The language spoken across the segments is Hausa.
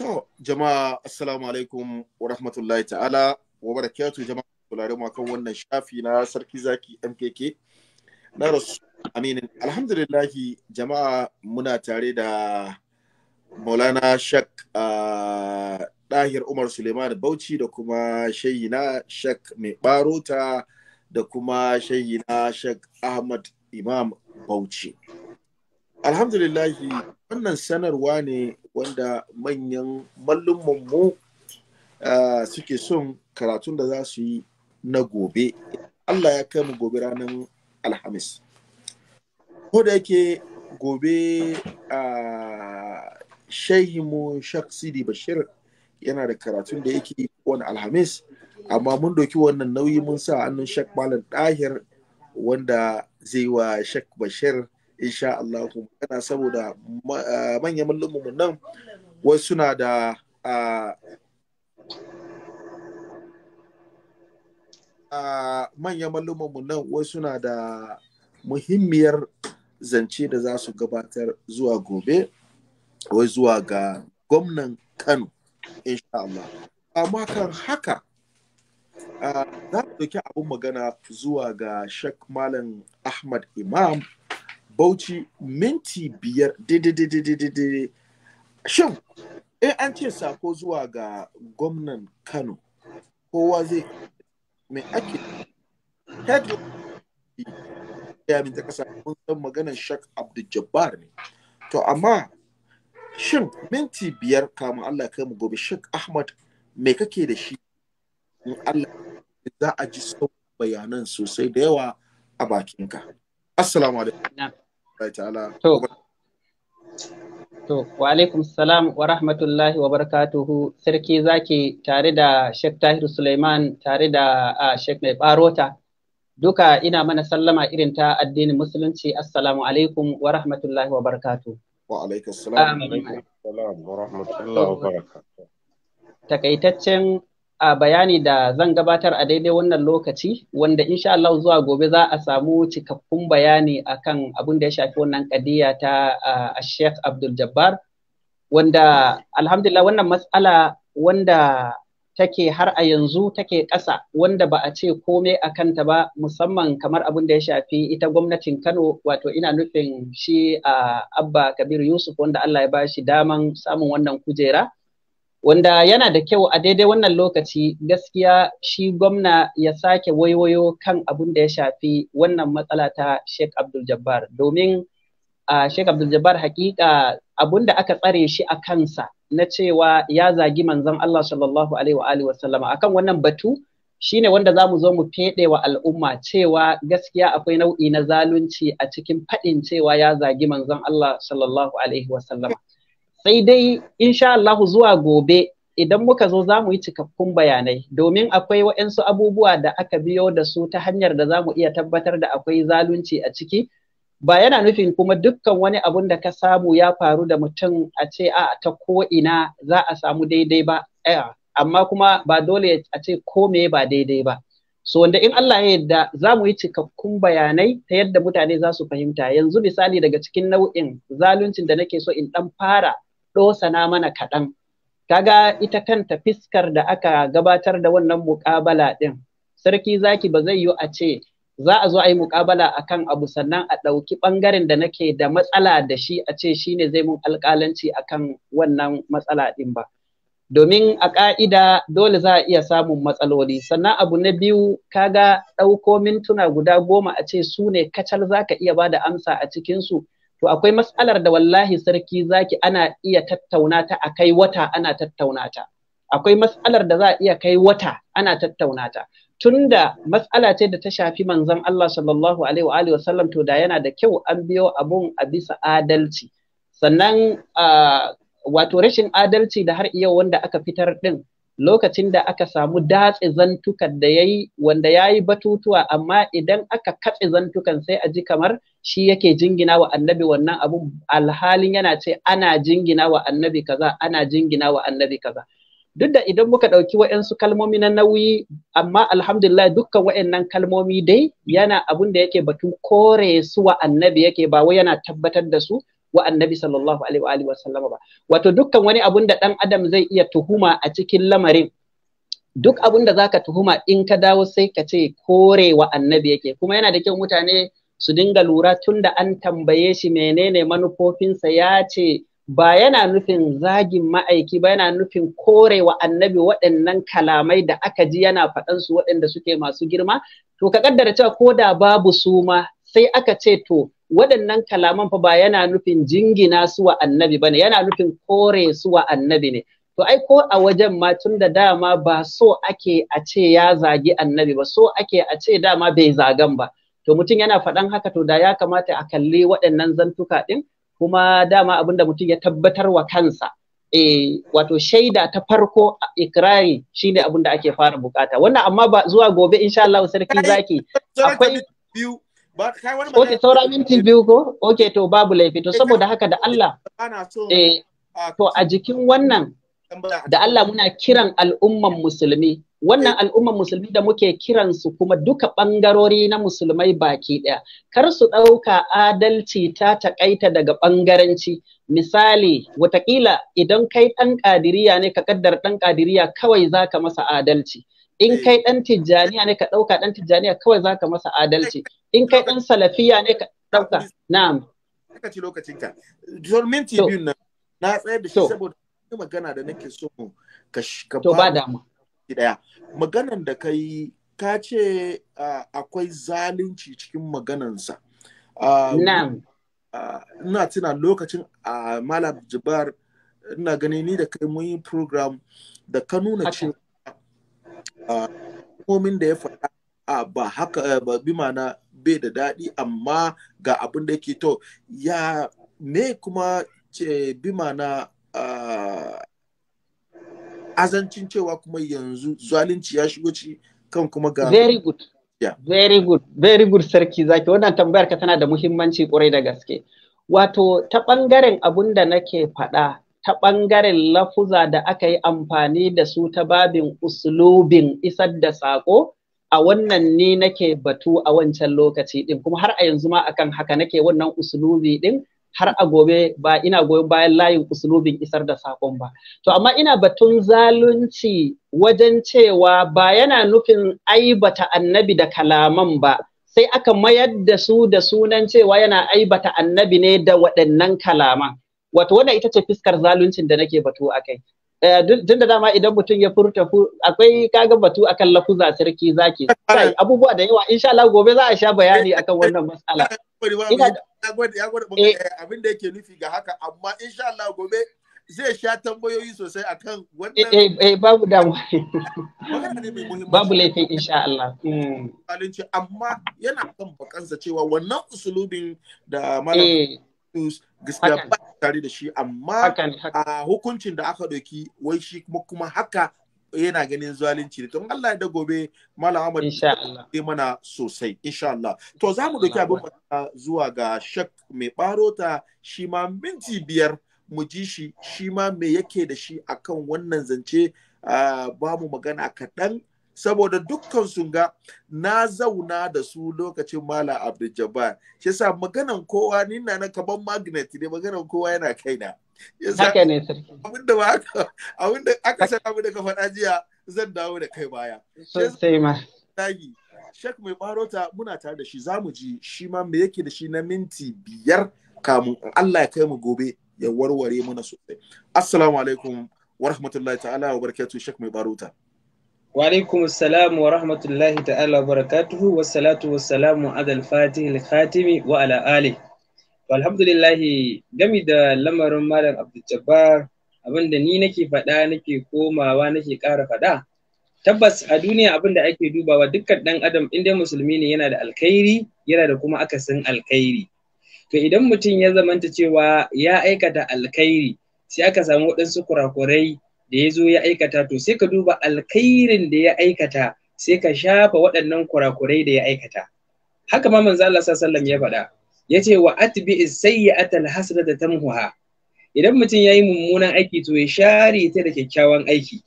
To, jama'a assalamu alaikum wa rahmatullahi ta'ala wa barakatu jama'a kulare mu kan wannan shafi na sarki zaki MKK na rasu aminin alhamdulillahi jama'a muna tare da maulana shak ah, dahir umar suleiman bauchi da kuma shayina shak mai barota da kuma shayina shak ahmad imam bauchi alhamdulillahi wannan sanarwa ne wanda manyan mu uh, ah, suke son karatun da za su yi na gobe allah ya kai mu gobe ranar alhamis ko da yake gobe a ah, shehimu shak sidi bashir yana da karatun da yake wani alhamis amma mun doki wannan nauyi mun sa hannun shak malam ɗahir wanda zai wa shak bashir insha Allah kana saboda manyan mulmunmu nan wai suna da manyan mallumanmu nan wai suna da muhimmiyar zance da za su gabatar zuwa gobe wai zuwa ga gwamnan kano insha Allah amma kan haka za mu ɗauki abin magana zuwa ga Sheikh malam ahmad imam Bauchi minti biyar daidai shin in an ce sako zuwa ga gwamnan Kano kowa zai mai ake ya min kasa mun san maganar Shak Abdul ne to amma shin minti biyar kama Allah kai mu gobe Shak Ahmad me kake da shi in Allah za a ji sau bayanan sosai da yawa a bakinka assalamu alaikum To, wa alaikum salam wa rahmatullahi wa barakatuhu sarki zaki tare da Sheikh Tahir Suleiman tare da uh, Sheikh Mai Barota. Duka ina mana sallama irin ta addinin Musulunci, Assalamu alaikum wa rahmatullahi wa barakatuhu. Wa alaikum salam wa rahmatullahi wa barakatuhu. Takaitaccen a bayani da zan gabatar a daidai wannan lokaci wanda insha Allah zuwa gobe za a samu cikakkun bayani akan abin da ya shafi wannan kadiya ta Sheikh Abdul Jabbar wanda alhamdulillah wannan matsala wanda take har a yanzu take ƙasa wanda ba a ce komai a kanta ba musamman kamar abin da ya shafi ita gwamnatin Kano wato ina nufin shi a Abba Kabir Yusuf wanda Allah ya ba shi daman samun wannan kujera. wanda yana da kyau a daidai wannan lokaci gaskiya shi gwamna ya sake waiwayo kan abin da ya shafi wannan matsala ta Sheikh Abdul Jabbar domin a Sheikh Abdul Jabbar hakika abin da aka tsare shi a kansa na cewa ya zagi manzon Allah sallallahu alaihi wa alihi wasallama akan wannan batu shine wanda za mu zo mu fede wa al'umma cewa gaskiya akwai nau'i na zalunci a cikin faɗin cewa ya zagi manzon Allah sallallahu alaihi wasallama sai dai insha Allah zuwa gobe idan muka zo za mu yi cikakkun bayanai domin akwai waɗansu abubuwa da aka biyo da su ta hanyar da za mu iya tabbatar da akwai zalunci a ciki ba yana nufin kuma dukkan wani abun da ka samu ya faru da mutum a ce a ta ko ina za a samu daidai ba eh, amma kuma ba dole a ce ko me ba daidai ba so wanda in Allah ya yarda za mu yi cikakkun bayanai ta yadda mutane za su fahimta yanzu misali daga cikin nau'in zaluncin da nake so in dan fara ɗosana mana kaɗan ga ita kanta fiskar da aka gabatar da wannan muƙabala ɗin sarki zaki ba zai yi a ce za a zo a yi muƙabala a kan abu sannan a ɗauki ɓangaren da nake da matsala da shi a ce shi ne zai mun alƙalanci a kan wannan matsala ɗin ba domin a ƙa'ida dole za a iya samun matsaloli sannan abu na biyu kaga ɗauko mintuna guda goma a ce su ne kacal za ka iya ba da amsa a cikinsu to akwai matsalar da wallahi sarki zaki ana iya tattauna ta a kai wata ana tattauna ta akwai mas'alar da za a iya kai wata ana tattauna ta tunda matsala ce da ta shafi manzon Allah sallallahu alaihi wa alihi wasallam to da yana da kyau an biyo abun a bisa adalci sannan ah, wato rashin adalci da har iya wanda aka fitar din lokacin da aka samu datse zantukan da yayi wanda yayi batutuwa amma idan aka katse zantukan sai a ji kamar shi yake jingina wa annabi wannan abu alhalin yana ce ana jingina wa annabi kaza ana jingina wa annabi kaza duk da idan muka ɗauki wa'yansu kalmomi na nauyi amma alhamdulillah dukkan wa'yannan kalmomi dai yana abun da yake batun kore su wa annabi yake ba wai yana tabbatar da su wa annabi sallallahu alaihi wa alihi ba wato dukkan wani abun da dan adam zai iya tuhuma a cikin lamarin duk abun da zaka tuhuma in ka dawo sai ka ce kore wa annabi yake kuma yana da kyau mutane su dinga lura tunda an tambaye shi menene manufofinsa ya ce ba yana nufin zagin ma'aiki ba yana nufin kore wa annabi waɗannan kalamai da aka ji yana faɗan su waɗanda suke masu girma to ka kaddara cewa ko da babu suma sai aka ce to waɗannan kalaman fa ba yana nufin jingina su wa annabi bane yana nufin kore su wa annabi ne to ai ko a wajen ma tun da dama ba so ake a ce ya zagi annabi ba so ake a ce dama bai zagan ba to mutum yana faɗan haka to da ya kamata a kalli waɗannan zantuka ɗin kuma dama abin da mutum ya tabbatar wa kansa e, wato shaida ta farko ikirari shine abin da ake fara bukata wannan amma ba zuwa gobe insha Allah sarki zaki akwai biyu Ok saura minti biyu ko okay to babu laifi to saboda haka da Allah eh, to a jikin wannan da Allah muna kiran al'umman musulmi wannan eh. al'umman musulmi da muke kiran su kuma duka ɓangarori na musulmai baki ɗaya. kar su ɗauka adalci ta taƙaita daga ɓangaranci. misali watakila idan kai ɗan ƙadiriya ne ka kaddar ɗan ƙadiriya kawai zaka masa adalci in kai dan tijjaniya ne ka dauka dan tijjaniya kawai zaka masa adalci in kai dan salafiya ne ka dauka na'am ka ci lokacin ka minti biyu nan na tsaya da shi saboda magana da nake so ka ka ba dama daya maganan da kai ka ce akwai zalunci cikin maganansa na'am ina tuna lokacin a malam jibar ina gani ni da kai mun yi program da ka nuna cewa komin da ya faɗa a ba haka eh, ba bi mana bai da daɗi amma ga abin da ke to ya me kuma ce bi mana azancin cewa kuma yanzu zalunci ya shigo ci kan kuma ga very good yeah. very good very good sarki zaki wannan tambayar ka tana da muhimmanci kwarai da gaske wato ta ɓangaren abun da nake faɗa ta ɓangaren lafuza da aka yi amfani da su ta babin uslubin isar da saƙo a wannan ne nake batu a wancan lokaci ɗin kuma har a yanzu ma akan haka nake wannan uslubi ɗin har a gobe ba ina goyon bayan layin uslubin isar da saƙon ba to amma ina batun zalunci wajen cewa ba yana nufin aibata annabi da kalaman ba sai aka mayar da su da sunan cewa yana aibata annabi ne da waɗannan kalaman wato wannan ita ce fiskar zaluncin da nake batu a kai tun da dama idan mutum ya furta akwai kaga batu akan lafuza sarki zaki sai abubuwa da yawa insha Allah gobe za a sha bayani akan wannan matsala abin da yake nufi ga haka amma insha Allah gobe zai sha tambayoyi sosai akan wannan eh eh babu damu babu laifin insha Allah amma yana kan bakansa cewa wannan usulubin da malam gaskiya tare da shi amma a hukuncin da aka ɗauki wai shi kuma haka yana ganin zalunci ne don Allah ya da gobe malam Ahmad zai mana sosai insha Allah to za mu doki abin zuwa ga shak mai barota shi ma minti biyar mu ji shi shi ma me yake da shi akan wannan zance ah, ba mu magana kaɗan saboda dukkan sun ga na zauna da su lokacin mala abdul jabbar shi yasa maganan kowa ni na kaban magnet ne maganan kowa yana kaina haka ne abinda aka abinda aka san abinda ka faɗa jiya zan dawo da kai baya sosai ma tagi shek mai barota muna tare da shi zamu ji shi ma me yake da shi na minti biyar kamun Allah ya kai mu gobe ya warware mana sosai assalamu alaikum wa rahmatullahi ta'ala wa barakatuh shek mai barota wa alaikum salamu wa rahmatullahi ta'ala wa barakatuhu wa salatu wa salamu adal fatih al-khatimi wa ala gami da lamarin malam abdul jabbar abinda ni nake faɗa nake komawa nake ƙara faɗa tabbas a duniya abinda ake dubawa dukkan ɗan adam inda musulmi ne yana da alkhairi yana da kuma akasin alkhairi to idan mutum ya zamanta cewa ya aikata alkhairi sai aka samu waɗansu kurakurai da ya zo ya aikata to sai ka duba alkhairin da ya aikata sai ka shafa waɗannan kurakurai da ya aikata haka ma manzo Allah sallallahu ya faɗa yace wa atbi sayyi'ata da tamhuha idan mutum yayi mummunan aiki to ya share ta da kyakkyawan aiki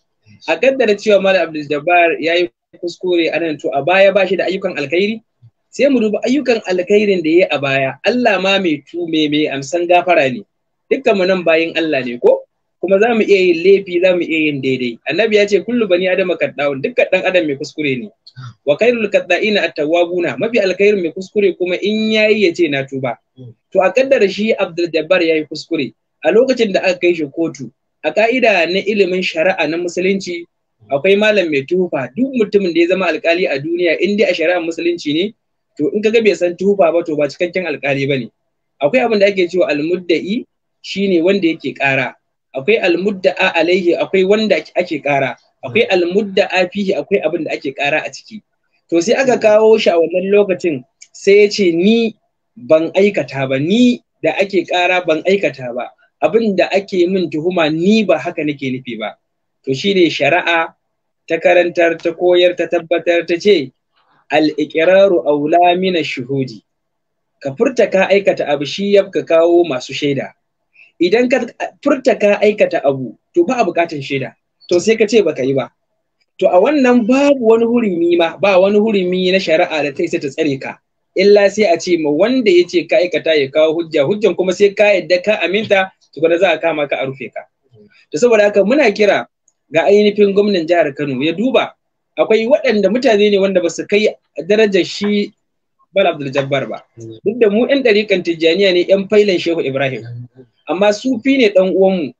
a kaddara cewa malam Abdul Jabbar yayi kuskure anan to a baya bashi da ayyukan alkhairi sai mu duba ayyukan alkhairin da ya a baya Allah ma mai tu mai mai amsan gafara ne dukkan mu nan bayin Allah ne ko kuma za mu iya yin laifi za mu iya yin daidai annabi ya ce kullu bani adama kadda'un dukkan dan adam mai kuskure ne wa kairul kadda'ina at-tawwabuna mafi alkhairin mai kuskure kuma in yayi ya ce na tuba to a kaddara shi Abdul Jabbar yayi kuskure a lokacin da aka kai shi kotu a ka'ida na ilimin shari'a na musulunci akwai malam mai tufa duk mutumin da ya zama alkali a duniya in dai a shari'ar musulunci ne to in ga bai san tufa ba to ba cikakken alkali bane akwai abin da ake cewa almudda'i shine wanda yake kara akwai almudda'a alaihi akwai wanda ake kara akwai hmm. almudda'a fihi akwai abin da ake kara a ciki to sai aka kawo shi a wannan lokacin sai ya ce ni ban aikata ba ni da ake kara ban aikata ba abin da ake min tuhuma ni ba haka nake nufi ba to shine shari'a ta karantar ta koyar ta tabbatar ta ce al-iqraru aula min shuhudi ka furta ka aikata abu shi ya kawo masu shaida idan ka furta ka aikata abu to ba a buƙatar shaida to sai ka ce baka yi ba to a wannan babu wani hurumi ma ba wani hurumi na shari'a da ta isa ta tsare ka illa sai a ce ma wanda ya ce ka aikata ya kawo hujja hujjan kuma sai ka yadda ka aminta tukuna za a kama ka a rufe ka to saboda haka muna kira ga ainihin gwamnan jihar Kano ya duba akwai waɗanda mutane ne wanda ba su kai darajar shi Bala Abdul Jabbar ba hmm. duk da mu 'yan ɗarikan Tijjaniya ne 'yan failan Shehu Ibrahim hmm. amma sufi ne dan mu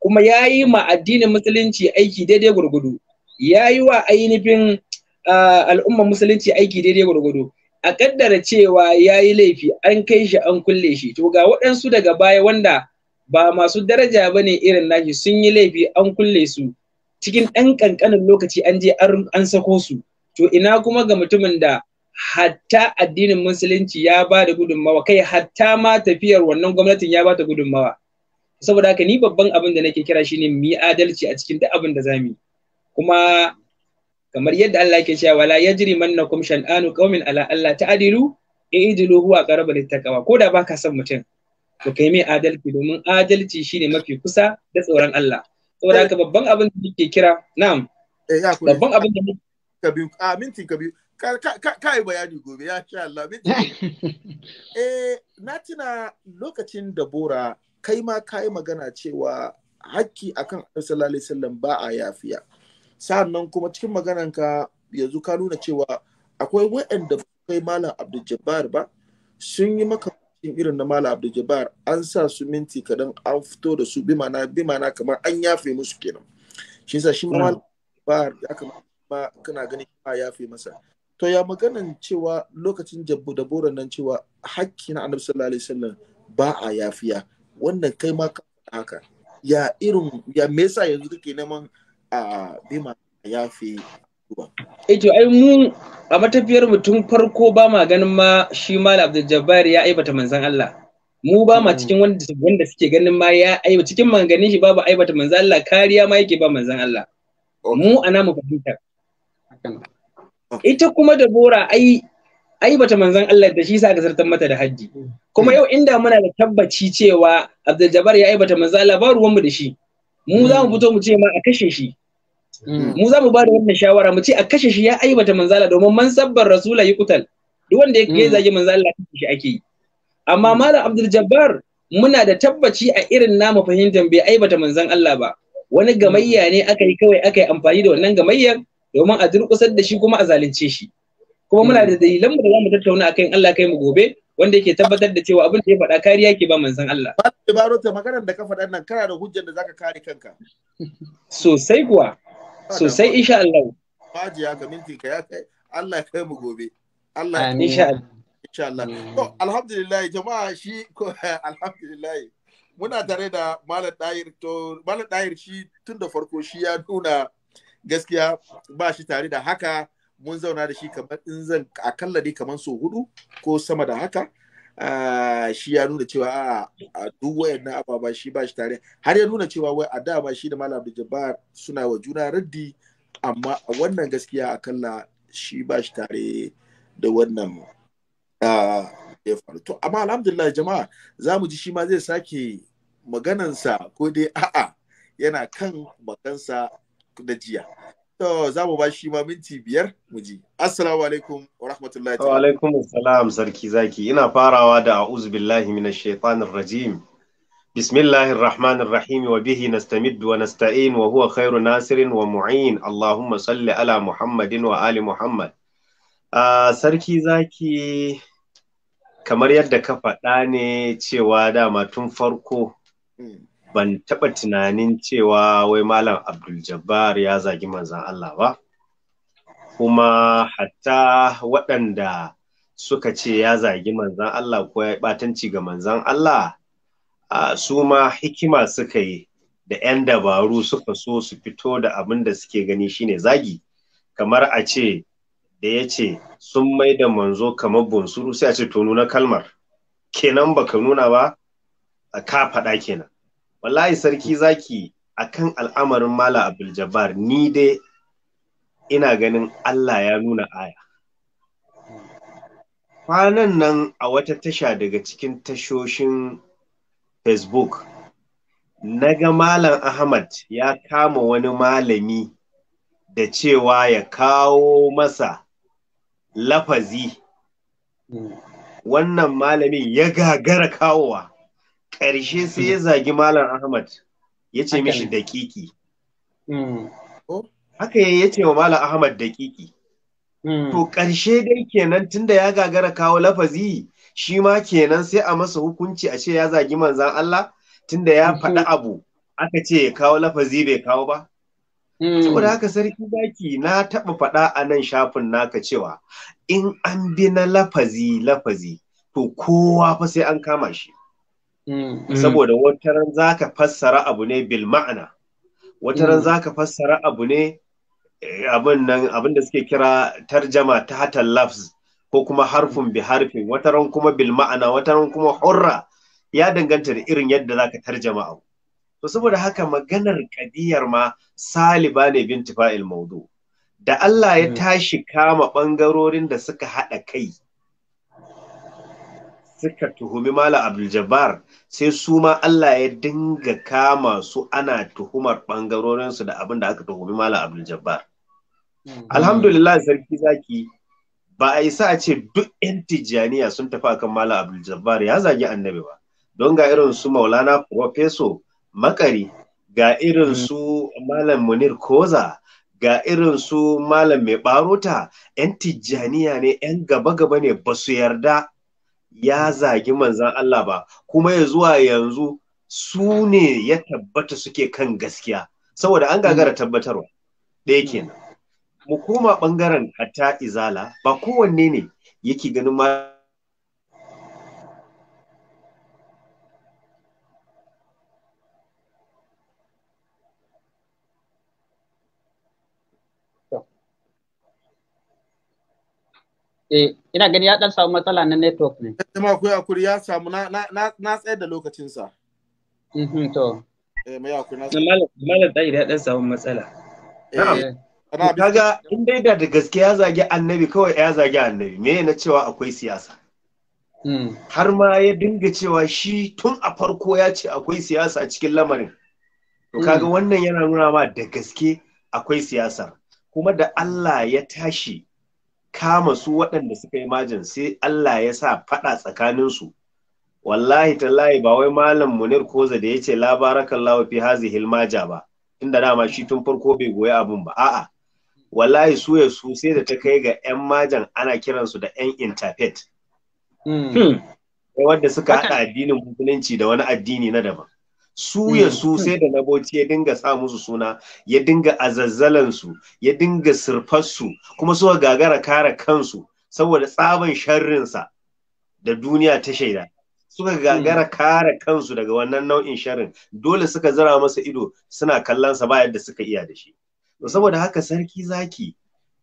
kuma yayi ma addinin musulunci aiki daidai gurgudu ya wa ainihin al'ummar musulunci aiki daidai gurgudu a kaddara cewa ya yi laifi an kai shi an kulle shi to ga waɗansu daga baya wanda ba masu daraja ba ne irin nashi sun yi laifi an kulle su cikin ɗan ƙanƙanin lokaci an je an sako su to ina kuma ga mutumin da hatta addinin musulunci ya ba da gudunmawa kai hatta ma tafiyar wannan gwamnatin ya ba ta gudunmawa saboda haka ni babban abin da nake kira shine mu yi adalci a cikin duk abin da zamu yi kuma kamar yadda Allah yake cewa wala yajri mannakum shan'anu qaumin ala Allah ta'dilu i'dilu huwa qaraba littaqwa ko da baka son mutum to kai mai adalci domin adalci shine mafi kusa da tsoron Allah saboda haka babban abin da nake kira na'am eh, babban abin da ka biyu a minti ka biyu kai bayani gobe ya sha Allah eh na tuna lokacin da bora kai ma kai magana cewa hakki akan sallallahu alaihi wasallam ba a yafiya sa'annan kuma cikin magananka yanzu ka nuna cewa akwai waɗanda kai malam Abdul Jabbar ba sun yi maka irin na malam Abdul Jabbar an sa su minti kadan an fito da su bi mana bi mana kamar an yafe musu kenan shi sa shi hmm. malam Jabbar ya kamata ba kana ganin ba yafe masa to ya maganan cewa lokacin jabbu da boran nan cewa hakki na annabi sallallahu alaihi wasallam ba a yafiya wannan kai ma ka haka ya irin ya me yasa yanzu kake neman a bi ma yafi Eh to ai mu a matafiyar mutum tun farko ba ma ganin ma shi Malam Abdul Jabbar ya aibata manzon Allah mu ba ma cikin wanda wanda suke ganin ma ya aiba cikin manganin shi babu aibata manzon Allah kariya ma yake ba manzon Allah mu ana mu fahimta ita kuma da bora ai ai bata manzon Allah da shi sa aka zartar mata da haji kuma hmm. yau inda muna da tabbaci cewa Abdul Jabbar ya aibata manzon Allah ba mu da shi mu za mu hmm. fito mu ce ma a kashe shi hmm. mu za mu ba da wannan shawara mu ce a kashe shi ya aibata manzala domin man sabbar rasula yi kutal duk wanda ya zage manzala kashe shi ake yi amma malam abdul jabbar muna da tabbaci a irin namu fahimtar bai aibata manzan Allah ba wani gamayya ne aka yi kawai aka yi amfani da wannan gamayyar domin a durƙusar da shi kuma a zalunce shi kuma muna da hmm. dalilan mu da zamu tattauna akan Allah kai mu gobe wanda yake tabbatar da cewa abin da ya faɗa kariya ke ba manzon Allah ba baro ta maganar da ka faɗa nan kana da hujjar da zaka kare kanka sosai kuwa sosai insha Allah baji ya ka minti ka ya kai Allah kai mu gobe Allah insha Allah insha Allah to alhamdulillah jama'a shi ko alhamdulillah muna tare da malam dahir to malam dahir shi tun da farko shi ya nuna gaskiya ba shi tare da haka mun zauna da shi kamar in zan akalla dai kamar so hudu ko sama da haka ah, shi ya nuna cewa ah, a duk wayan ababa shi ba shi tare har ya nuna cewa wai a dama shi da malam jabbar suna wa juna raddi amma a wannan gaskiya akalla shi ba shi tare da wannan ah, ya faru to amma alhamdulillah jama'a za mu ji shi ma zai sake maganansa ko dai a'a yana kan makansa da jiya. To za mu ba shi ma minti biyar mu ji. Assalamu alaikum wa rahmatullahi ta'ala. Wa alaikum sarki zaki. Ina farawa da a'udhu billahi minash shaitanir rajim. rahman rahmanir rahim wa bihi nastamiddu wa nasta'in wa huwa khairu nasirin wa mu'in. Allahumma salli ala Muhammadin wa ali Muhammad. sarki zaki kamar yadda ka faɗa ne cewa dama tun farko hmm. ban taɓa tunanin cewa wai Malam Abdul Jabbar ya zagi manzan Allah ba, kuma hatta waɗanda suka ce ya zagi manzan Allah ko ya ɓatanci ga manzan Allah, su ma hikima suka yi da 'yan dabaru suka so su fito da abin da suke gani shine zagi, kamar a ce da ya ce sun mai da manzo kamar bunsuru sai a ce to na kalmar, kenan baka nuna ba, ka faɗa kenan. wallahi sarki zaki kan al'amarin mala abdul jabbar ni dai ina ganin allah ya nuna aya kwanan nan a wata tasha daga cikin tashoshin facebook naga malam ahmad ya kama wani malami da cewa ya kawo masa lafazi hmm. wannan malamin ya gagara kawowa ƙarshe sai ya zagi malam ahmad ya ce mishi daƙiƙi. Mm. Oh. haka ya ce wa malam ahmad dakiki mm. to ƙarshe dai kenan tunda ya gagara kawo lafazi shi ma kenan sai a masa hukunci a ce ya zagi manzan Allah tunda ya mm. faɗi abu aka ce ya kawo lafazi bai kawo ba saboda haka sarki zaki na taɓa faɗa a nan shafin naka cewa in an bi na lafazi lafazi to kowa fa sai an kama shi Mm. Mm. saboda wataran za ka fassara abu ne bil ma'ana wataran mm. za ka fassara abu ne eh, abin da suke kira tarjama ta hatan lafz ko kuma harfin bi harfin wataran kuma bil ma'ana wataran kuma hurra ya danganta da irin yadda za ka tarjama abu to saboda haka maganar kadiyar ma saliba ne bin tifa'il maudu da Allah ya tashi kama ɓangarorin da suka haɗa kai suka tuhumi Malam Abdul Jabbar sai su ma Allah ya dinga kama su ana tuhumar ɓangarorinsu da abin da aka tuhumi Malam Abdul Jabbar. Mm. Alhamdulillah sarki zaki ba a isa a ce duk 'yan Tijjaniya sun tafi akan Malam Abdul Jabbar ya zagi annabi ba. Don ga irin su Maulana Profeso Makari ga irin mm. su Malam Munir Koza. ga irin su malam mai barota 'yan tijjaniya ne 'yan gaba-gaba ne ba su yarda ya zagi manzan Allah ba kuma ya zuwa yanzu su ne ya tabbata suke kan gaskiya saboda an gagara mm. tabbatarwa ɗaya kenan mu koma ɓangaren hatta izala ba kowanne ne yake ganin ma Eh, ina gani ya dan samu matsala na network ne. Kuma akwai akuri ya samu na na na tsayar da lokacin sa. Mhm to. Eh, mai akuri na. Malam malam dai ya dan samu matsala. Eh. Kaga in dai da da gaske ya zagi annabi kawai ya zagi annabi me na cewa akwai siyasa. Hmm. Har ma ya dinga cewa shi tun a farko ya ce akwai siyasa a cikin lamarin. To kaga hmm. wannan yana nuna ma da gaske akwai siyasa. Kuma da Allah ya tashi kama su waɗanda suka yi majin sai Allah ya sa faɗa tsakaninsu wallahi tallahi ba wai malam munir koza da ya ce labarakan lawa fi hilmaja ba inda dama shi tun farko bai goyi abun ba a'a wallahi su ya su sai da ta kai ga yan majan ana kiransu da yan interpret hmm. hmm. wadda suka haɗa addinin musulunci da wani addini na daban su ya hmm. su sai da na ya dinga sa musu suna ya dinga azazzalansu ya dinga sirfarsu kuma suka gagara kare kansu saboda tsaban sharrinsa da duniya ta shaida suka hmm. gagara kare kansu daga wannan nau'in sharrin dole suka zira masa ido suna kallonsa ba yadda suka iya da shi saboda haka sarki zaki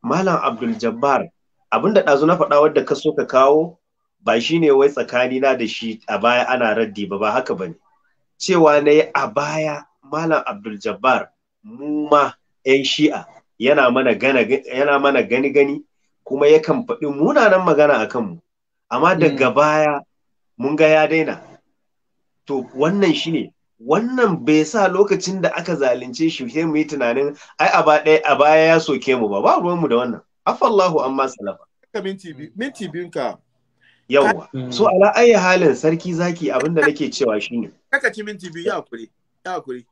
malam abdul jabbar abinda ɗazu na faɗa wadda ka so ka kawo ba shine wai tsakanina da shi a baya ana raddi ba ba haka bane cewa na yi a baya Malam Abdul Jabbar mu ma 'yan shi'a yana mana gani-gani kuma yakan faɗi munanan magana a kanmu. Amma daga mm. baya mun ga ya daina. To wannan shi ne, wannan bai sa lokacin da aka zalunce shi sai mu yi tunanin ai a baya ya soke mu ba, ba ruwanmu da wannan. Afallahu amma salafa. Minti biyun ka. yawwa mm. so ala ayi halin sarki zaki abinda nake cewa shine kaka ci minti biyu ya kure ya kure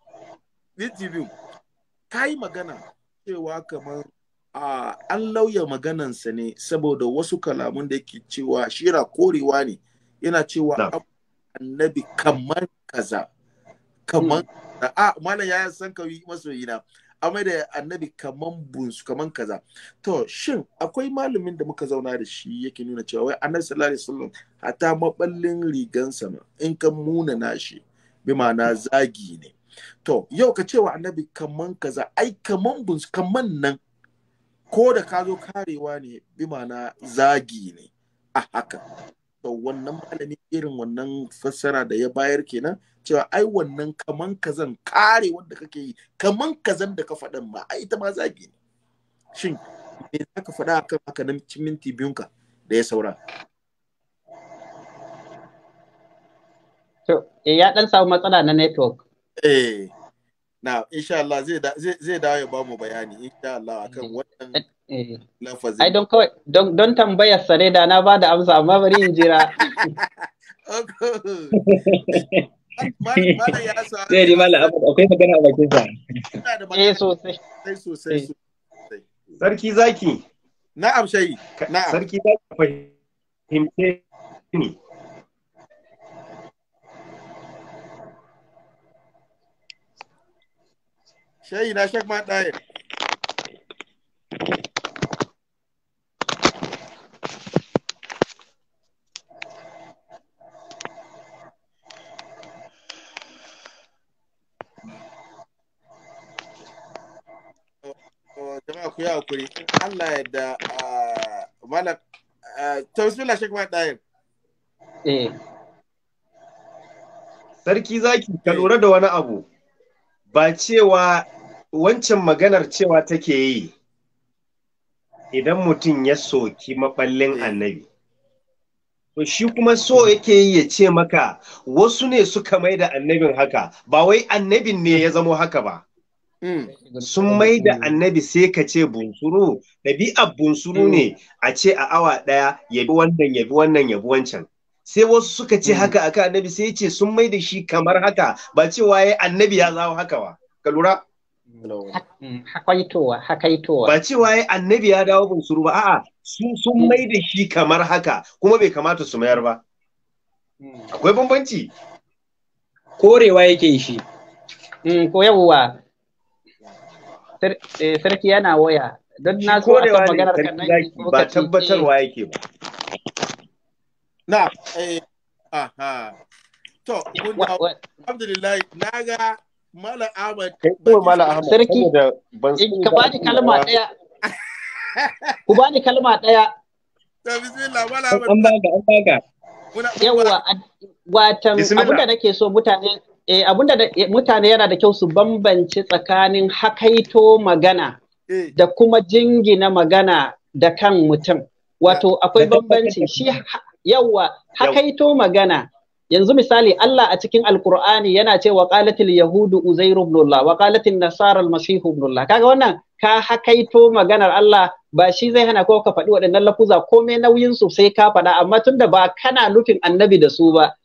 minti biyu kai magana cewa kamar a an lauya maganansa ne saboda wasu kalamun da yake cewa shira korewa ne yana cewa annabi kamar kaza kamar mm. a malam ya san kawi masoyina amai da annabi kaman bunsu kaman kaza to shin akwai malamin da muka zauna da shi yake nuna cewa wai annabi sallallahu alaihi wasallam hata maballin rigansa ma in kan muna nashi bi ma'ana zagi ne to yau ka cewa annabi kaman kaza ai kaman bunsu kaman nan ko da ka zo karewa ne bi ma'ana zagi ne a haka to wannan malami irin wannan fassara da ya bayar kenan cewa ai wannan kaman kazan kare wanda kake yi kaman kazan da ka faɗan ba a ita ma zagi ne shin me za ka faɗa akan haka na minti ka da ya saura eh, ya dan samu matsala na network eh na insha Allah zai zai dawo ya bamu bayani insha Allah akan eh, wannan eh, lafazin ai don kawai don tambayar sare da na bada amsa amma bari in jira abu akwai magana a bakin sa. Eh sosai. Sosai sosai. Sarki zaki. Na'am shayi. Na'am. Sarki zaki fahimce ni. Shayi na shak ma ɗaya. ku yi hakuri Allah ya da ɗayan. Ah, ah, eh. Sarki zaki ka eh. lura da wani abu ba cewa wancan maganar cewa take yi idan mutum ya soki maɓallin eh. annabi. To shi kuma so yake yi ya ce maka wasu ne suka mai da annabin haka ba wai annabin ne ya zamo haka ba. Mm. sun mai da annabi sai ka ce bunsuru ɗabi'ar bunsuru ne mm. a ce a awa ɗaya ya bi wannan ya bi wannan ya bi wancan sai wasu suka ce mm. haka aka annabi sai ce sun mai da shi kamar haka ba cewa ya annabi ya zawo haka ba ka lura hakaitowa hakaitowa ba cewa ya annabi ya dawo bunsuru ba a'a sun mai da shi kamar haka kuma bai kamata su mayar ba akwai bambanci korewa yake shi ko yawwa Eh, sarki yana waya don na zo a san maganar kan nan ba tabbatarwa yake ba na eh aha to alhamdulillah naga mala ahmad ko ahmad sarki eh, ka bani kalma daya ku bani kalma daya to bismillah mala ahmad an baka an baka yawa watan abinda nake so mutane eh, abinda da eh, mutane yana da kyau su bambance tsakanin hakaito magana eh. da kuma jingina magana da kan mutum. Wato akwai bambanci shi yawa hakaito magana yanzu misali Allah a cikin Alkur'ani yana wa qalatil yahudu uzair Allah wa qalatil nasar al-masih Allah kaga wannan ka hakaito maganar Allah ba shi zai hana ko ka faɗi waɗannan lafuza komai nauyin su sai ka faɗa amma tunda ba kana nufin annabi da su ba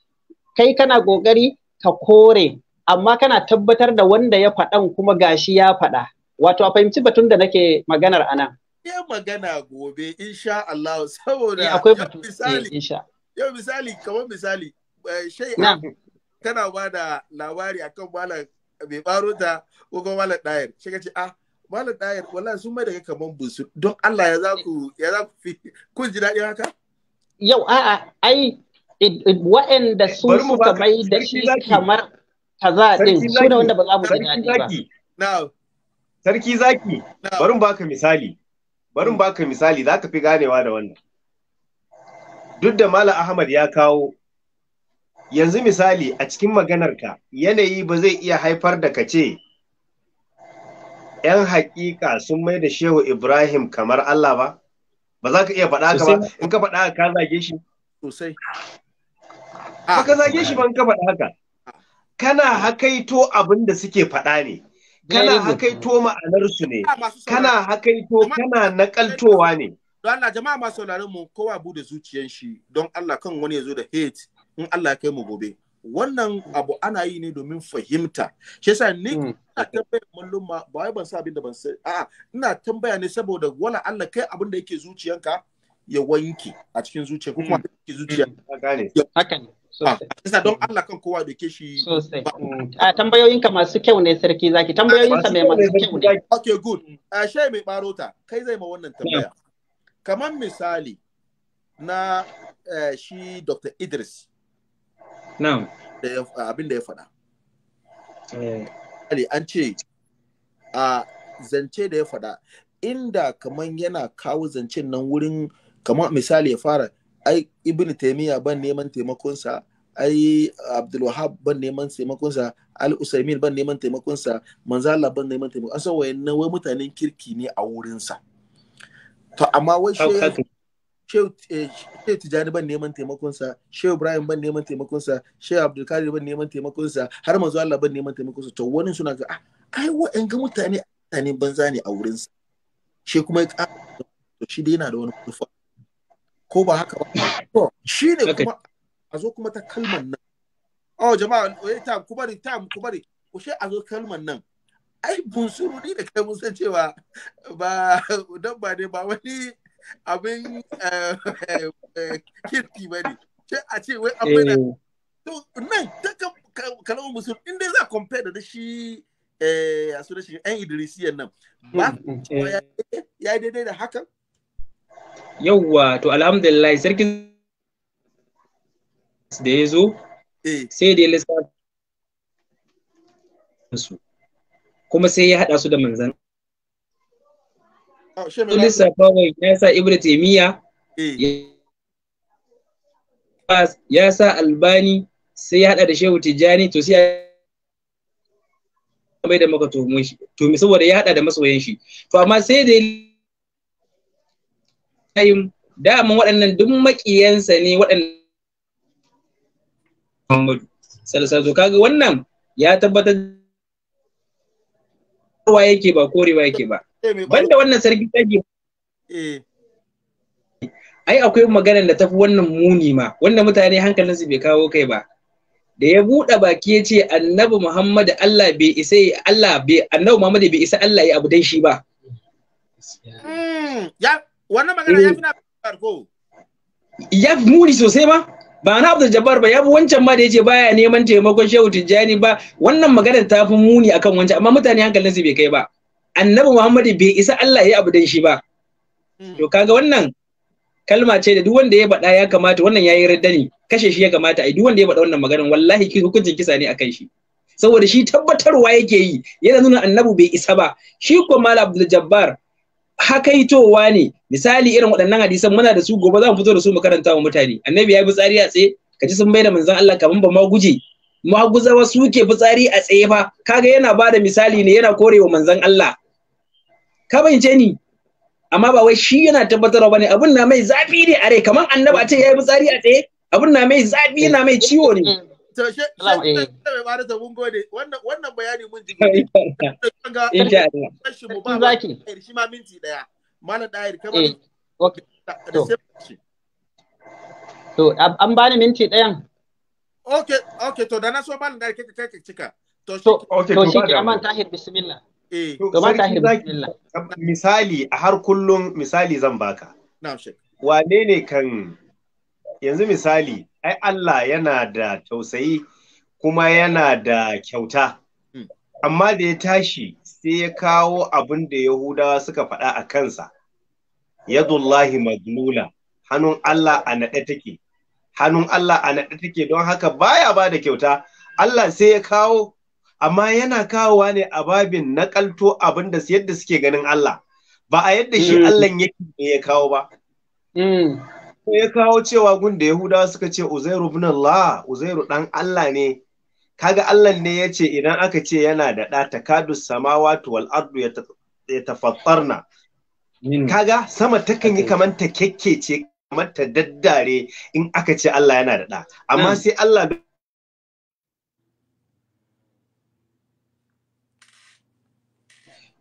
kai kana kokari ka kore amma kana tabbatar da wanda ya faɗan kuma gashi ya faɗa wato a fahimci batun da nake maganar anan ya magana gobe insha Allah saboda eh, akwai batun misali eh, insha yau misali kamar misali eh, shai tana ba da labari akan malam bai baro ta ko kuma malam dayar shi ce ah malam dayar wallahi sun mai daga kaman busu don Allah ya za ku ya za ku fi kun ji daɗi haka yau a'a ai waɗanda su suka bai da shi kamar kaza din su da wanda ba za mu gani daɗi ba. Sarki zaki, bari mu baka misali. Bari mu baka misali, za ka fi ganewa da wannan. Duk da Malam Ahmad ya kawo yanzu misali a cikin maganarka yanayi ba zai iya haifar da ka ce ‘yan haƙiƙa sun mai da Shehu Ibrahim kamar Allah ba? Ba za ka iya faɗa ka ba, in ka faɗa ka zage shi. Sosai. Haka ah. zage shi ban ka haka. Kana hakaito abin da suke faɗa ne. Kana hakaito ma'anarsu ne. Kana hakaito kana nakaltowa ne. Don Allah jama'a masu sauraron mu kowa bude zuciyan shi don Allah kan wani ya zo da hate in Allah ya kai mu gobe. Wannan abu ana yi ne domin fahimta. Shi yasa ni hmm. ina tambaya malluma ba wai ban sa abin da ban sai a'a ina tambaya ne saboda wala Allah kai abin da yake zuciyanka ya wanke a cikin zuciya ko kuma hmm. zuciya. Hmm. Haka ne. Sosai. Ah. don Allah kan kowa da ke shi. Sosai. A ah, tambayoyinka masu kyau ne sarki zaki. tambayoyin ka mai masu kyau ne. Okay good. A ah, she mai barota kai zai ma wannan tambaya. Kamar misali na eh, shi Dr. Idris. Na'am. Abin da ya faɗa. Eh. Ali an ce a zance da ya faɗa inda kaman yana kawo zancen nan wurin kamar misali ya fara ai ibn taymiya ban neman taimakonsa ai abdul wahab ban neman taimakonsa al usaimin ban neman taimakonsa manzo Allah ban neman taimako an san wayannan wai mutanen kirki ne a wurinsa to amma wai eh, shehu tijani ban neman taimakonsa shehu ibrahim ban neman taimakonsa shehu abdulkadir ban neman taimakonsa har manzo Allah ban neman taimakonsa to wani suna ga ah ai wa'anga mutane mutane banza ne a wurinsa shi kuma ya to shi dai yana da wani kufa ko ba haka ba to shi ne kuma a zo kuma ta kalman nan oh jama'a oye eh, ta ku bari ta ku bari ku she a zo kalman nan ai bun suru ni da kai mun san cewa ba dan ba ne ba wani abin eh, eh, kirki ba ne sai a ce wai abin nan. to nan ta kalmar musulmi in dai za compare da shi a da shi an idrisiyan nan ba hmm, hmm, ya daidai da hakan yawwa to alhamdulillah sarki da ya zo eh. sai da ya lissafa su kuma sai ya haɗa su da manzan oh, sun lissafa wai ya sa ibra taimiyya eh. ya sa albani sai ya haɗa da shehu tijjani to sai ya bai da maka tumi saboda ya haɗa da masoyan shi to amma sai da Da daman waɗannan duk maƙiyansa ne waɗannan Muhammadu sallallahu kaga wannan ya tabbatar wa yake ba korewa yake ba eh, banda wannan sarki tsage eh. ai akwai magana da tafi wannan muni ma wanda mutane hankalinsu bai kawo kai ba da ya buɗe baki ya ce annabi Muhammadu Allah bai isa Allah bai annabi Muhammadu bai isa Allah ya abu dan shi ba hmm, wannan magana ya fi eh. na farko ya fi muni sosai ba ba na Abdul Jabbar ba ya fi wancan ma da yace baya neman taimakon Shehu Tijjani ba wannan magana ta fi muni akan wancan amma mutane hankalin su bai kai ba Annabi Muhammadu bai isa Allah ya abu dan shi ba hmm. to kaga wannan kalma ce da duk wanda ya faɗa ya kamata wannan yi radda ne kashe shi ya kamata yi duk wanda ya faɗa wannan maganar wallahi hukuncin kisa ne akan shi saboda shi tabbatarwa yake yi yana nuna annabu bai isa ba shi ko mal abdul jabbar hakaitowa ne misali irin waɗannan hadisan muna da su gobe za mu fito da su mu karanta wa mutane annabi ya yi fitsari a tsaye kaji sun bai da manzon Allah kaman ba ma guje maguzawa suke fitsari a tsaye fa kaga yana ba da misali ne yana korewa manzon Allah ka bayyance ni amma ba wai shi yana tabbatarwa ne. abun na mai zafi ne a rai kaman annabi a ce ya yi fitsari a tsaye abun na mai zafi na mai ciwo ne wannan bayani mun ji insha Allah shi ma minti daya Eh, to, an bani minti ɗayan. Ok, ok, to da na so cika. To, shi ke aman tahir bismillah. Eh. To, Misali, a har kullum misali zan baka. Wane ne kan yanzu misali, ai Allah yana da tausayi kuma yana da kyauta. Hmm. Amma da ya tashi sai ya kawo abin da Yahudawa suka faɗa a kansa. yadullahi madlula hannun Allah a naɗe take hannun Allah a naɗe take don haka baya ba da kyauta Allah sai ya kawo amma yana kawowa ne a babin nakalto abin da yadda suke ganin Allah ba a yadda shi mm. Allah yake ne ya kawo ba mm. ya kawo cewa gun da Yahudawa suka ce Uzairu ibn Allah Uzairu dan Allah ne kaga Allah ne ya ce idan aka ce yana da ɗa takadus samawati wal ardu yatafattarna kaga sama takan yi kamar ta kekkece kamar ta daddare in aka ce Allah yana da ɗa amma sai Allah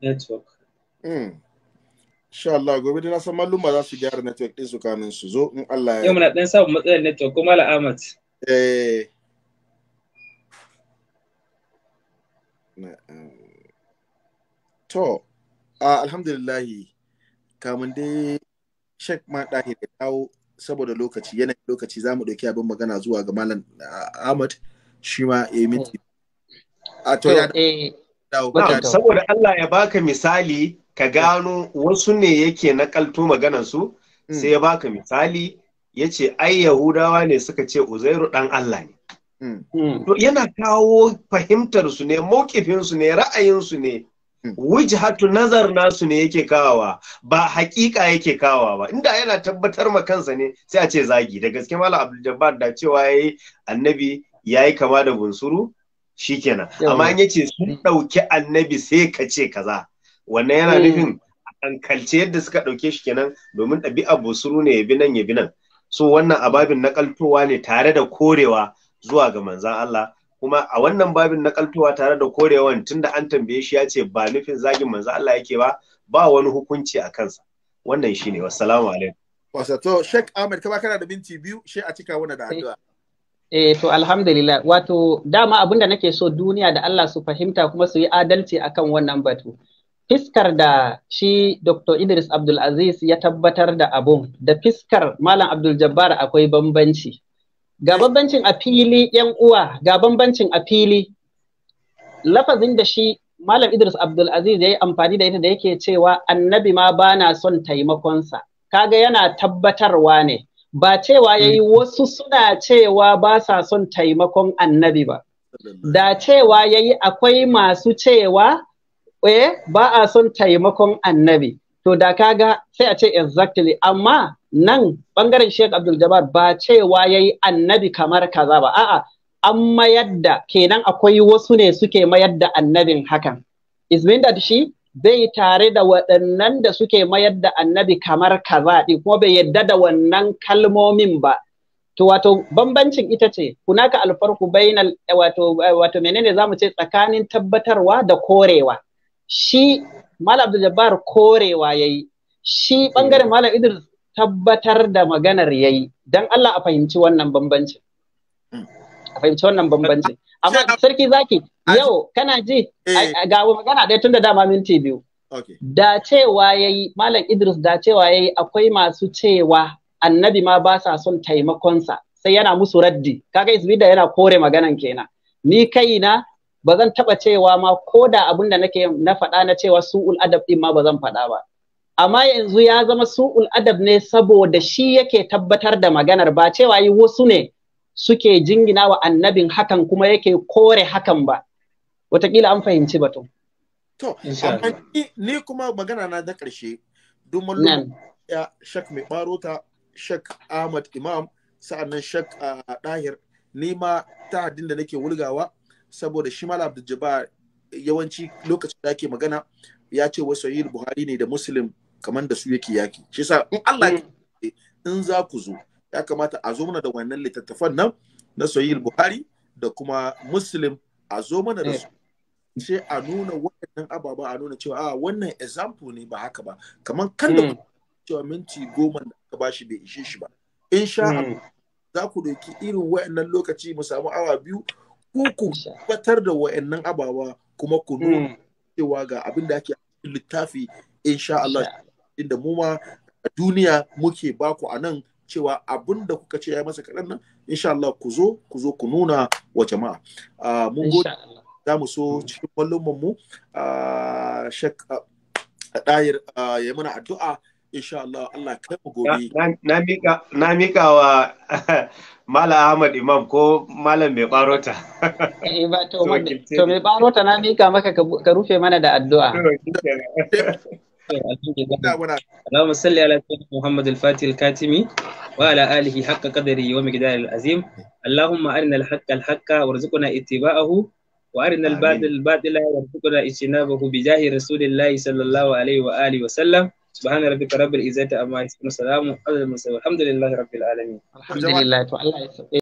network hmm. Insha Allah gobe da na san malluma za su gyara network din su kamin su zo in Allah ya Yau muna dan samun matsalar network ko Malam Ahmad eh, eh. to ah, alhamdulillah kamun dai shek ma ɗahi da kawo saboda lokaci yanayin lokaci za mu ɗauki abin magana zuwa ga malam ah, ahmad shi ma ya yi miti a to ya eh, saboda allah ya baka misali ka gano wasu ne yake nakalto su, hmm. sai ya baka misali ya ce ai yahudawa ne suka ce uzairu ɗan allah ne hmm. yana kawo fahimtar su ne maukifinsu ne ra'ayinsu ne Hmm. wujhatu nazar nasu ne yake kawawa ba hakika yake kawawa ba inda yana tabbatar ma kansa ne sai a ce zagi da gaske mallam abdul da cewa yayi annabi yayi kama da bunsuru shikenan amma in yace sun dauki annabi sai ka ce kaza wannan yana hmm. nufin hankalce yadda suka dauke shi kenan domin ɗabi'a bunsuru ne ya bi nan ya bi nan so wannan ababin nakaltowa ne tare da korewa zuwa ga manzan Allah kuma a wannan babin na kaltowa tare da korewan tunda an tambaye shi ya ce ba nufin zagin manzo Allah yake ba ba wani hukunci a kansa wannan shine wassalamu alaikum wato Sheikh Ahmed kaba kana da binti biyu shi a cika wannan da addu'a eh, eh to alhamdulillah wato dama abinda nake so duniya da Allah su fahimta kuma su yi adalci akan wannan batu fiskar da shi Dr. Idris Abdul Aziz ya tabbatar da abun da fiskar Malam Abdul Jabbar akwai bambanci ga bambancin a fili yan uwa ga bambancin a fili lafazin da shi Malam Idris abdulaziz ya yi amfani da ita da yake cewa annabi ma ba na son taimakonsa kaga yana tabbatarwa ne ba cewa ya yi mm. wasu suna cewa ba sa son taimakon annabi ba da cewa ya yi akwai masu cewa eh ba a son taimakon annabi to da kaga sai a ce exactly amma nan bangaren Sheikh Abdul Jabbar ba cewa yayi annabi kamar kaza ba a'a an mayar da kenan akwai wasu ne suke mayar da annabin hakan is mean that shi bai tare da waɗannan da suke mayar da annabi kamar kaza din kuma bai yadda da wannan kalmomin ba to wato bambancin ita ce hunaka alfarku bainal wato wato menene zamu ce tsakanin tabbatarwa da korewa shi Malam Abdul Jabbar korewa yayi shi bangaren Malam Idris tabbatar da maganar yayi dan Allah a fahimci wannan bambancin a fahimci wannan bambancin amma sarki zaki yau kana ji eh. ga magana ɗaya tun da dama minti biyu da cewa yayi malam Idris da cewa yayi akwai masu cewa annabi ma ba sa son taimakonsa sai yana musu raddi kaga isbida yana kore maganan kenan ni kaina ba zan taɓa cewa ma ko da abin da nake na faɗa na cewa su'ul adab ɗin ma ba zan faɗa ba amma yanzu ya zama su'ul adab ne saboda shi yake tabbatar da maganar ba cewa yi wasu ne suke jingina wa annabin hakan kuma yake kore hakan ba wataƙila an fahimci batu to ni kuma magana na da ƙarshe domin ya shak mai barota shak ahmad imam sa'annan shak dahir ni ma ta haddin da nake wulgawa saboda shi malam jaba yawanci lokacin da ake magana ya ce wasu yi buhari ne da muslim kamar da su yake yaki shi yasa in Allah mm. in za ku zo ya kamata a zo mana da wannan littattafan nan na sahih buhari da kuma muslim a zo mana da mm. su sai a nuna waɗannan ababa a nuna cewa a ah, wannan example ne ba haka ba kamar kan da mm. cewa minti goma da ka bashi bai ishe shi ba in sha za ku doki irin waɗannan lokaci mu samu awa biyu ko ku batar da waɗannan ababa kuma ku nuna cewa ga abin da ake littafi in sha Allah inda mu ma duniya muke baku a nan cewa abin da kuka ce ya masa kaɗan nan insha Allah ku zo ku zo ku nuna wa jama'a ah, mun gode za mu so cikin kwallon mu ah, shek ɗayar ah, ya mana addu'a insha Allah Allah kai mu gobe na mika wa Mala Ahmad Imam ko Malam mai barota eh, to to mai barota na mika maka ka rufe mana da addu'a اللهم صل على سيدنا محمد الفاتح الكاتم وعلى آله حق قدره ومقداره العظيم اللهم أرنا الحق الحق وارزقنا اتباعه وأرنا الباطل الباطل وارزقنا اجتنابه بجاه رسول الله صلى الله عليه وآله وسلم سبحان ربك رب العزة أما يصفون السلام على المرسلين والحمد لله رب العالمين الحمد لله